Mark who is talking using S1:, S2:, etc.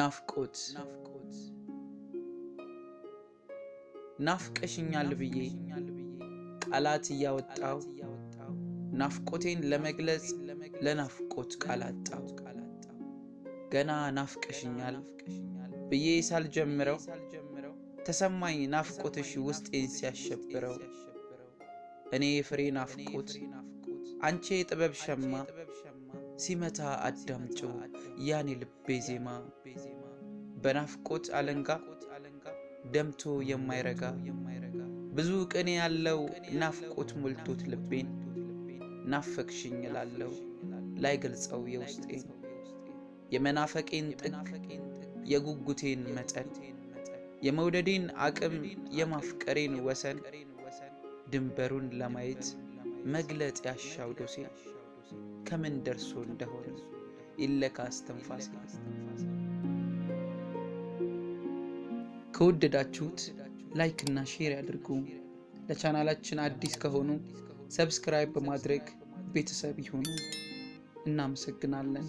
S1: ናፍቆት ናፍቀሽኛል ብዬ ቃላት እያወጣው ናፍቆቴን ለመግለጽ ለናፍቆት ቃላጣው ገና ናፍቀሽኛል ብዬ ሳልጀምረው ተሰማኝ ናፍቆትሽ ውስጤን ሲያሸብረው እኔ ፍሬ ናፍቆት አንቺ የጥበብ ሸማ ሲመታ አዳምጩ ያኔ ልቤ ዜማ በናፍቆት አለንጋ ደምቶ የማይረጋ ብዙ ቅኔ ያለው ናፍቆት ሞልቶት ልቤን ናፈቅሽኝ እላለሁ ላይገልጸው የውስጤን የመናፈቄን ጥግ የጉጉቴን መጠን የመውደዴን አቅም የማፍቀሬን ወሰን ድንበሩን ለማየት መግለጥ ያሻው ዶሴ ከምን ደርሶ እንደሆነ ይለካ አስተንፋስ። ከወደዳችሁት ላይክና ሼር ያድርጉ። ለቻናላችን አዲስ ከሆኑ ሰብስክራይብ በማድረግ ቤተሰብ ይሁኑ። እናመሰግናለን።